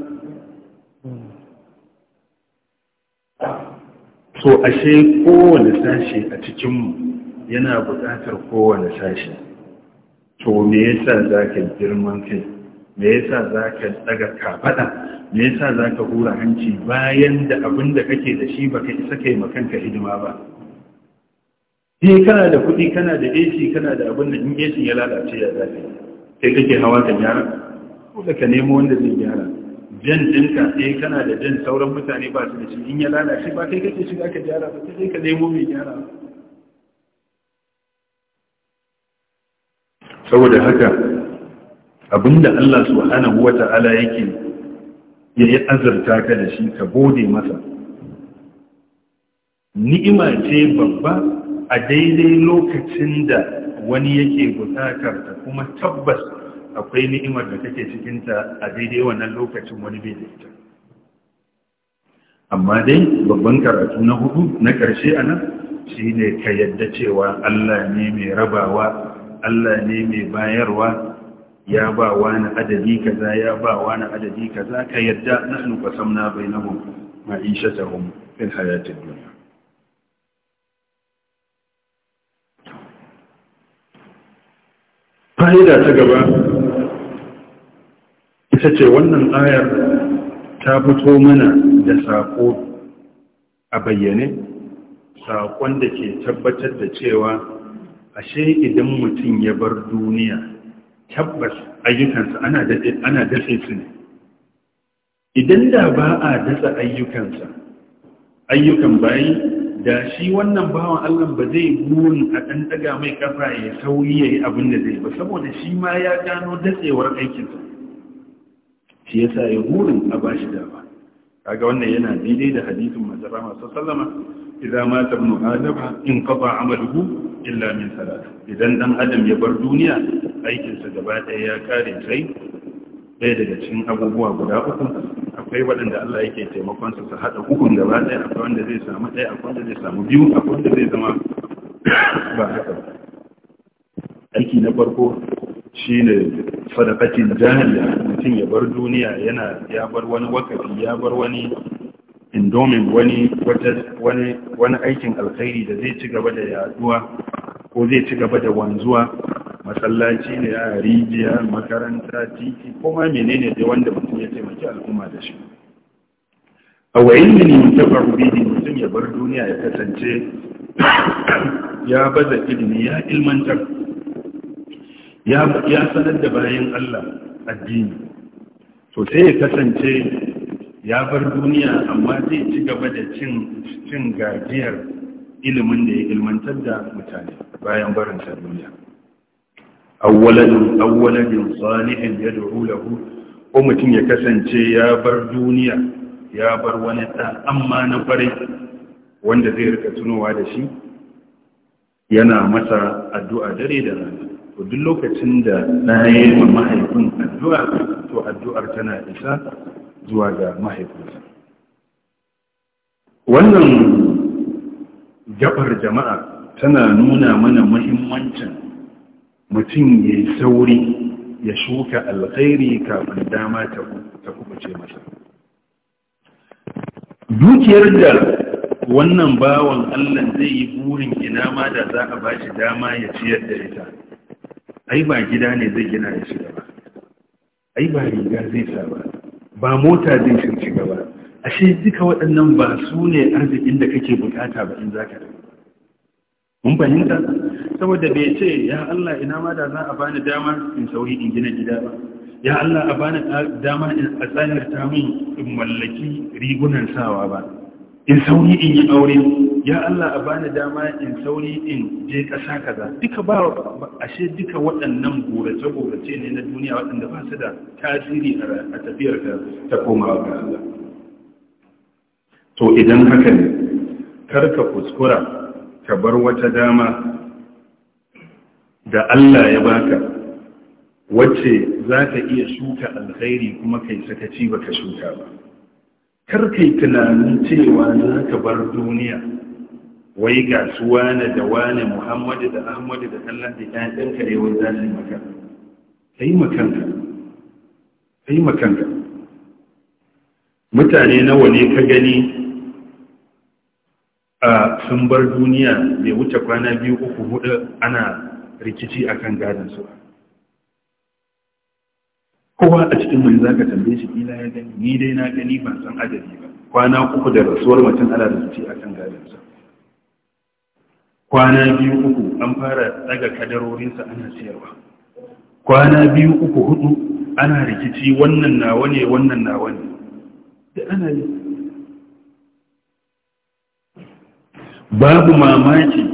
so ashe kowane sashe a cikinmu yana buƙatar kowane sashe to me yasa za ka girman kai me yasa za ka daga kafaɗa me yasa za ka hura hanci bayan da abin da kake da shi baka isa kai makanka hidima ba sai kana da kuɗi kana da AC kana da abin da in AC ya lalace ya zafi kai kake hawa ka gyara ko da ka nemo wanda zai gyara jan ɗinka sai eh, kana da jan sauran mutane ba su da shi in ya lalace ba kai kake shiga ka gyara ba sai ka nemo mai gyara saboda haka abinda Allah subhanahu wata'ala yake ya yi azurta ka da shi ka gode masa ni'ima ce babba a daidai lokacin da wani yake bukatar ta kuma tabbas akwai ni'imar da kake ta a daidai wannan lokacin wani bai da ita amma dai babban karatu na hudu na ƙarshe a nan shi ne ka yadda cewa Allah ne mai rabawa Allah ne mai bayarwa ya ba wani adadi kaza ya ba wani adadi kaza ka yadda na nufa samna nahnu qasamna bainahum ma'ishatahum fin hayatid duniya fa'ida ta gaba ita ce wannan ayar ta fito mana da saƙo a bayyane saƙon da ke tabbatar da cewa ashe idan mutum ya bar duniya tabbas ayyukansa ana datse su ne idan da ba a datsa ayyukansa ayyukan bayi da shi wannan bawan allon ba zai burin a ɗan ɗaga mai ƙafa ya sauri ya yi abin da zai ba saboda shi ma ya gano datsewar aikinsa shi yasa ya hurin a bashi dama kaga wannan yana daidai da hadisin manzon masu sallama idan ma tabnu adama in qata amaluhu illa min salat idan dan adam ya bar duniya aikin sa gaba ɗaya ya kare sai ɗaya daga cikin abubuwa guda uku akwai waɗanda Allah yake taimakon su su hada hukun gaba ɗaya akwai wanda zai samu ɗaya akwai wanda zai samu biyu akwai wanda zai zama ba haka aiki na farko shine sadaqatin jahiliya mutum ya bar duniya yana ya bar wani wakafi ya bar wani indomin wani wani aikin alkhairi da zai ci gaba da yaduwa ko zai ci gaba da wanzuwa masallaci ne a rijiya makaranta titi kuma menene da wanda mutum ya taimaki al'umma da shi a wayin da ne ta bidi mutum ya bar duniya ya kasance ya baza ilimi ya ilmantar ya sanar da bayan Allah addini to sai ya kasance ya bar duniya amma zai ci gaba da cin gajiyar ilimin da ya ilmantar da mutane bayan barinsa duniya awwaladin awwaladin salihin ya da'u lahu ko mutum ya kasance ya bar duniya ya bar wani ɗan amma na farai wanda zai rika tunowa da shi yana masa addu'a dare da rana duk lokacin da na ya yi mahaifin addu'a to addu'ar tana isa zuwa ga mahaifinsa wannan gabar jama'a tana nuna mana muhimmancin mutum ya yi sauri ya shuka alkhairi kafin dama ta kubuce masa dukiyar da wannan bawan allah zai yi burin ina ma da za a ba shi dama ya ciyar da ita ai ba gida ne zai gina ya shiga ba ai ba riga zai sa ba ba mota zai shiga ba ashe duka waɗannan ba su ne arzikin da kake bukata ba in ka da mun fahimta saboda bai ce ya Allah ina ma da za a bani dama in sauri in gina gida ba ya Allah a bani dama in a tsayar ta min in mallaki rigunan sawa ba in sauri in yi aure ya Allah a bani dama in sauri in je ƙasa kaza duka ba ashe duka waɗannan gorace-gorace ne na duniya waɗanda ba su da tasiri a tafiyar ka ta komawa ga Allah to idan haka ne karka kuskura ka bar wata dama da Allah ya baka wacce za ka iya shuka alkhairi kuma kai sakaci baka shuka ba karkai tunanin cewa za ka bar duniya wai ga su wane da wane muhammadu da ahmadu da allah da ƴaƴanka ne wai za su yi maka kai makanka kai makanka mutane nawa ne ka gani a sun bar duniya mai wuce kwana biyu uku hudu ana rikici akan gadon su kowa a cikin mai zaka tambaye shi ina ya gani ni dai na gani ban san adadi ba kwana uku da rasuwar mutum ana da zuci kan gadonsa kwana biyu uku an fara daga kadarorinsa ana siyarwa kwana biyu uku hudu ana rikici wannan nawa ne wannan nawa ne da ana yi babu mamaki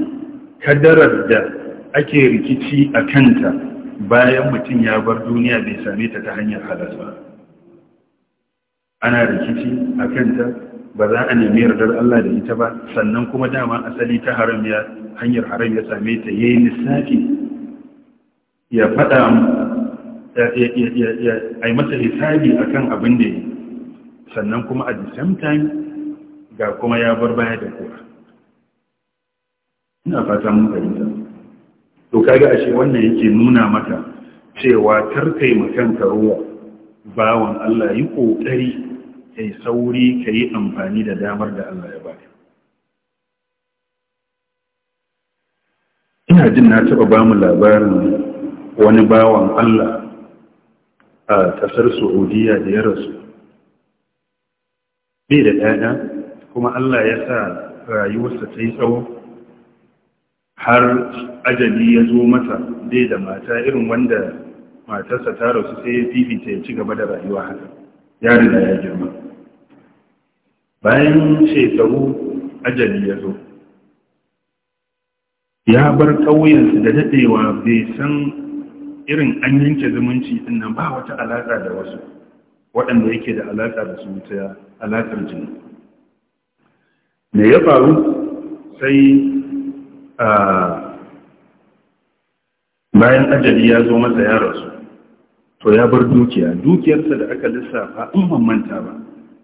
kadarar da ake rikici a kanta bayan mutum ya bar duniya bai same ta ta hanyar halas ba ana rikici a kanta ba za a nemi yardar Allah da ita ba sannan kuma dama asali ta haram ya hanyar haram ya same ta yayi lissafi ya fada ya ai masa hisabi akan abin da yi sannan kuma a the same time ga kuma ya bar baya da kowa ina fata mun fahimta to kaga ashe wannan yake nuna maka cewa tarkai makanka ruwa bawan Allah yi kokari kai sauri kai amfani da damar da Allah ya baka ina jin na taba ba mu labarin wani bawan Allah a kasar Saudiya da ya rasu bai da ɗaya kuma Allah ya sa rayuwarsa ta yi tsawo har ajali ya zo mata dai da mata irin wanda matarsa ta rasu sai ya fifita ya ci gaba da rayuwa haka ya riga ya girma bayan shekaru ajali ya zo ya bar ƙauyensu da daɗewa bai san irin an yanke zumunci ɗin ba wata alaƙa da wasu waɗanda yake da alaƙa da su ta alaƙar jini me ya faru sai bayan ajali ya zo masa ya rasu to ya bar dukiya dukiyarsa da aka lissafa in ban manta ba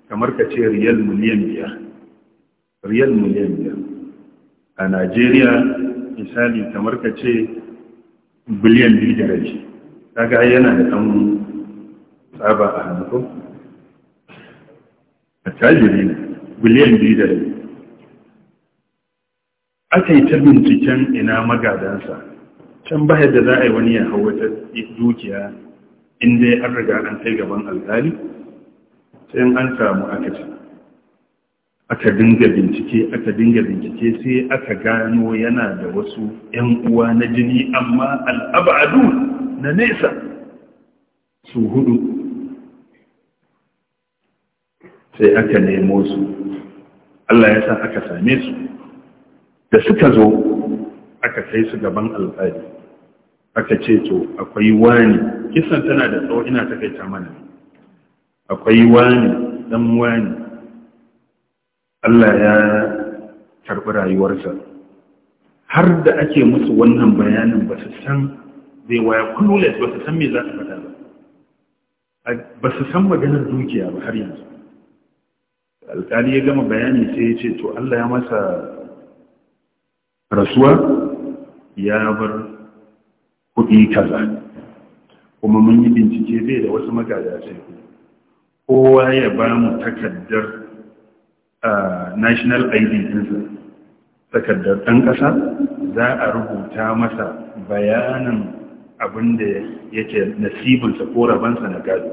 kamar ka ce riyal miliyan biyar riyal miliyan biyar a najeriya misali kamar ka ce biliyan biyu da rashi kaga yana da ɗan tsaba a hannu ko a tajiri biliyan biyu da rashi aka ta binciken ina magadansa can ba yadda za a yi wani ya hau wata dukiya inda an riga an kai gaban alkali sai an samu aka ci aka dinga bincike aka dinga bincike sai aka gano yana da wasu 'yan uwa na jini amma al'abadu na nesa su hudu sai aka nemo su Allah ya sa aka same su da suka zo aka kai su gaban alƙali aka ce to akwai wani kisan tana da tsawo ina ta ta mana akwai wani dan wani Allah ya karɓi rayuwarsa har da ake musu wannan bayanin ba su san zai waya clueless ba su san me za su faɗa ba ba su san maganar dukiya ba har yanzu alƙali ya gama bayani sai ya ce to Allah ya masa rasuwa ya bar kuɗi kaza kuma mun yi bincike zai da wasu magada kowa ya ba mu takaddar national id ɗinsa takaddar ɗan ƙasa za a rubuta masa bayanin abin da yake nasibinsa ko rabansa na gado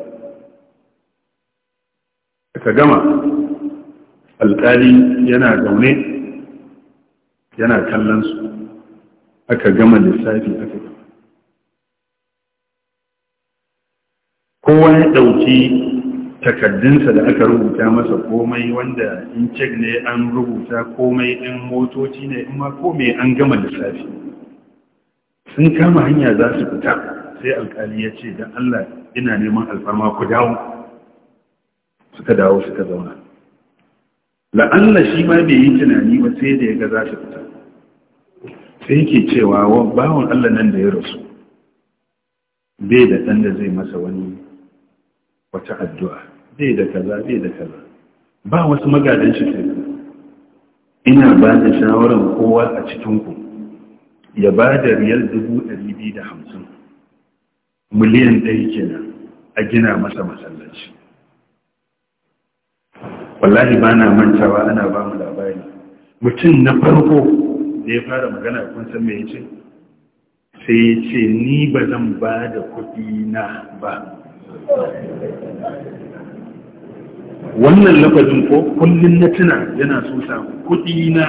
ka gama alƙali yana zaune yana kallon su aka gama lissafi aka gama kowa ya ɗauki takardunsa da aka rubuta masa komai wanda in cek ne an rubuta komai in motoci ne in ma komai an gama lissafi sun kama hanya za su fita sai alkali ya ce don allah ina neman alfarma ku dawo suka dawo suka zauna la'alla shi ma bai yi tunani ba sai da ya ga za shi fita sai yake cewa wa bawon Allah nan da ya rasu bai da ɗan da zai masa wani wata addu'a bai da kaza bai da kaza ba wasu magadan shi sai ina ba da shawarar kowa a cikinku ya ba da riyal hamsin, miliyan ɗaya kenan a gina masa masallaci wallahi ba na mantawa ana ba mu labari mutum na farko da ya fara magana kun san mai ce sai ya ce ni ba zan ba da kuɗi na ba wannan lafazin ko kullum na tuna yana so kuɗi na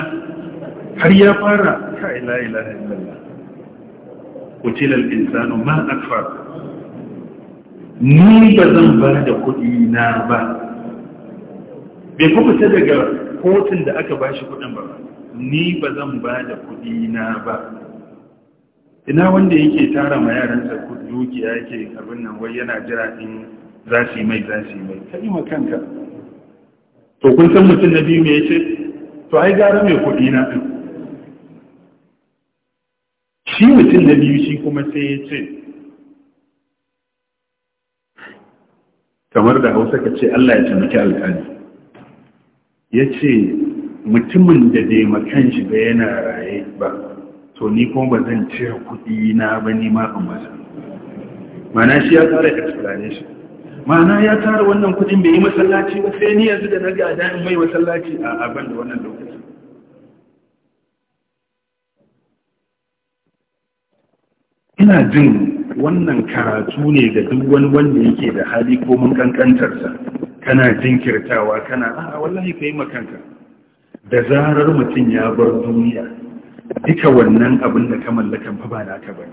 har ya fara ka ila ila Wuce kutilal insanu ma akfar ni ba zan ba da kuɗi na ba bai kubuta daga kotun da aka ba shi kudin ba ni ba zan ba da kudi na ba ina wanda yake tara ma yaransa kudi dukiya yake abin nan wai yana jira in za su yi mai za su yi mai ka ma kanka to kun san mutum na biyu me ya ce to ai gara mai kudi na din shi mutum na biyu shi kuma sai ya ce kamar da hausa ka ce Allah ya taimaki alƙali ya ce mutumin da daimakan shi ga yana raye ba to ni kuma ba zan cire kuɗi na ba ni ma ba masa mana shi ya tsara shi mana ya tsara wannan kuɗin bai yi masallaci ba sai ni yanzu da na ga dan mai masallaci a abin da wannan lokacin ina jin wannan karatu ne ga duk wani wanda yake da hali ko mun kankantarsa kana jinkirtawa kana a wallahi ka yi makanka da zarar mutum ya bar duniya duka wannan abin da ka mallakan fa ba naka ba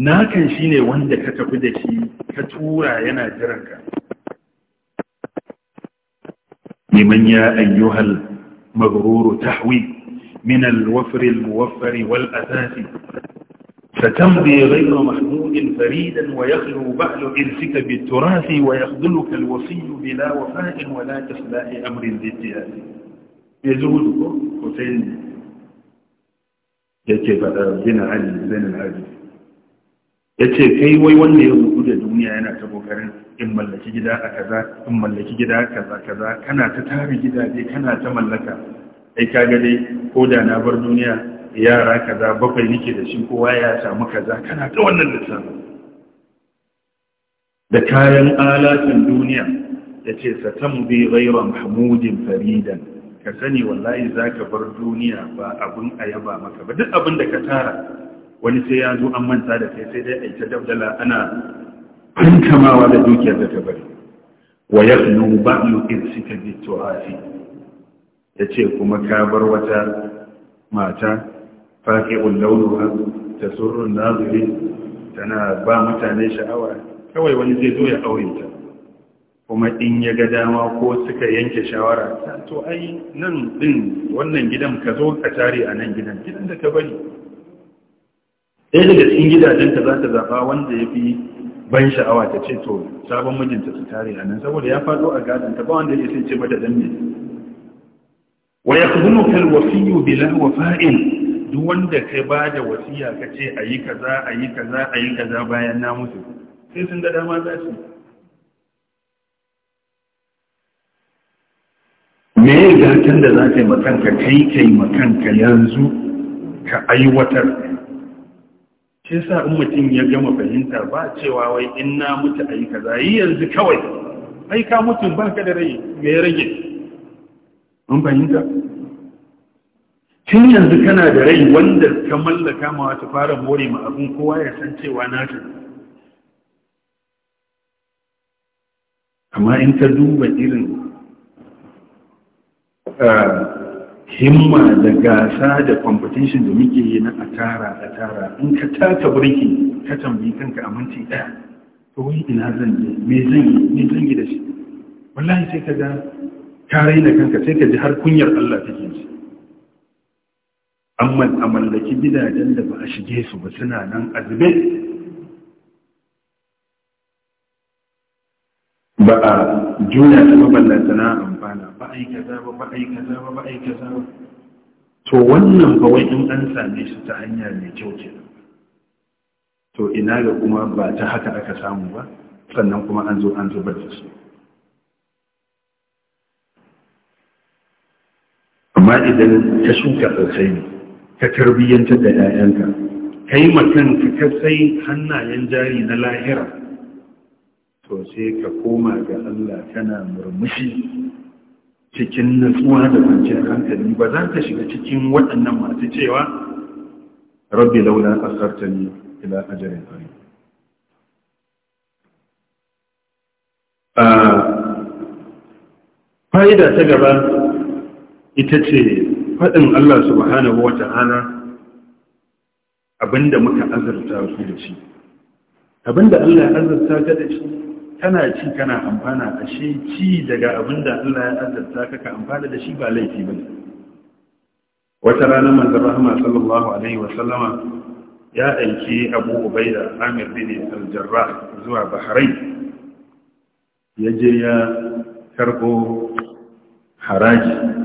nakan shi ne wanda ka tafi da shi ka tura yana jiranka liman ya ayyuhal magruru tahwi min alwafri almuwaffari wal asasi فتمضي غير محمود فريدا ويخلو بعل إرثك بالتراث ويخذلك الوصي بلا وفاء ولا إصلاح أمر ذي اتياس حسين يتي بن علي بن العزيز yace kai wai wanda ya rubu da duniya yana ta kokarin in mallaki gida a kaza in mallaki gida kaza kaza kana ta tare gidaje kana ta mallaka ai kaga dai ko da na bar duniya yara kaza bakwai nake da shi kowa ya samu kaza kana ta wannan lissafi da kayan alatin duniya ya ce satan mahmudin faridan ka sani wallahi zaka bar duniya ba a yaba maka ba duk abin da ka tara wani sai ya zo an manta da kai sai dai a ta dabdala ana kamawa da dukiyar da ta bari wa yaqnu in suka bi tuhafi yace kuma ka bar wata mata faqi'ul lawluha tasurru tsoron tana ba mutane sha'awa kawai wani zai zo ya aure ta kuma in ya ga dama ko suka yanke shawara to ai nan din wannan gidan ka zo ka tare a nan gidan gidan da ka bari ɗaya daga cikin gidajen ta za ta zaɓa wanda ya fi ban sha'awa ta ce to sabon mijinta su tare a nan saboda ya faɗo a gadon ta ba wanda ya ce mata dan ne wa yakhdhu fil wasiyyu bila wafa'in duk wanda ka ba da wasiya ka ce a yi kaza a yi kaza a yi kaza bayan na mutu sai sun ga dama za su me ya gatan da za ka yi makanka kai kai makanka yanzu ka aiwatar ke sa in mutum ya gama fahimta ba cewa wai in na mutu a yi kaza yi yanzu kawai ai ka mutu ba ka da rai mai ya rage mun fahimta tun yanzu kana da rai wanda ka mallaka ma wata fara more ma abin kowa ya san cewa na ta amma in ka duba irin ah, himma da gasa da competition da muke yi na a tara a tara in ka taka burki ka tambayi kanka a minti ɗaya to wai ina zan je me zan yi me zan yi da shi wallahi sai ka ga ka raina kanka sai ka ji har kunyar Allah take ji amman a mallaki gidajen da ba a shige su ba suna nan azube ba a juna su maballanta na amfana ba a yi kaza ba ba a yi kaza ba ba a yi kaza ba to wannan ba wai in an same su ta hanya mai kyau ke to ina ga kuma ba ta haka aka samu ba sannan kuma an zo an zubar da su amma idan ta shuka ne. ka tarbiyyantar da 'ya'yanka ka yi mutum ka kasai hannayen jari na lahira to sai ka koma ga Allah kana murmushi cikin natsuwa da kwanciyar hankali ba za ka shiga cikin waɗannan masu cewa rabbi laula sartani ila ajalin qarib ah, fa'ida ta gaba ita ce faɗin Allah subhanahu wa ta'ala abinda muka azarta su da shi abinda Allah ya azarta ka da shi kana ci kana amfana ashe ci daga abinda Allah ya azarta ka ka amfana da shi ba laifi ba wata rana manzon rahama sallallahu alaihi wa sallama ya aiki Abu Ubaida Amir bin Al-Jarrah zuwa Bahrain ya je ya karbo haraji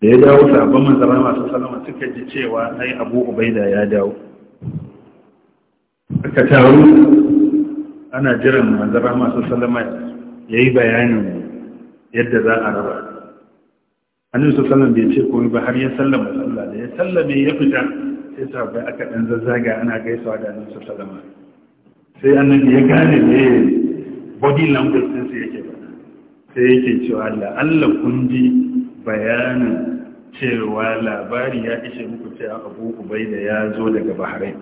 da ya dawo sabon manzara masu salama suka ji cewa ai abu ubaida ya dawo aka taru ana jiran manzara masu salama ya yi bayanin yadda za a raba hannun su salam bai ce komi ba har ya sallama sallah da ya sallame ya fita sai sabai aka ɗan zazzaga ana gaisawa da hannun su salama. sai annabi ya gane ne body language ɗinsu yake ba sai yake cewa Allah Allah kun ji bayanin cewa labari ya ishe muku cewa abu da ya zo daga bahrain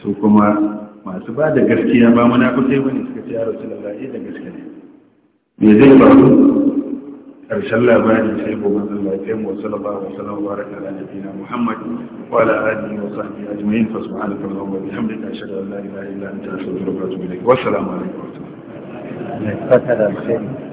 su kuma masu ba da gaskiya ba mana kusa yi suka ce ya rasulullah eh da gaskiya ne me zai ba faru karshen labari sai gobe Allah ya kai mu sallallahu alaihi wasallam wa baraka ala nabiyina Muhammad wa ala alihi wa sahbihi ajma'in fa subhanaka allahumma wa bihamdika ashhadu an la ilaha illa anta astaghfiruka wa atubu ilaik wa assalamu alaikum wa rahmatullahi da barakatuh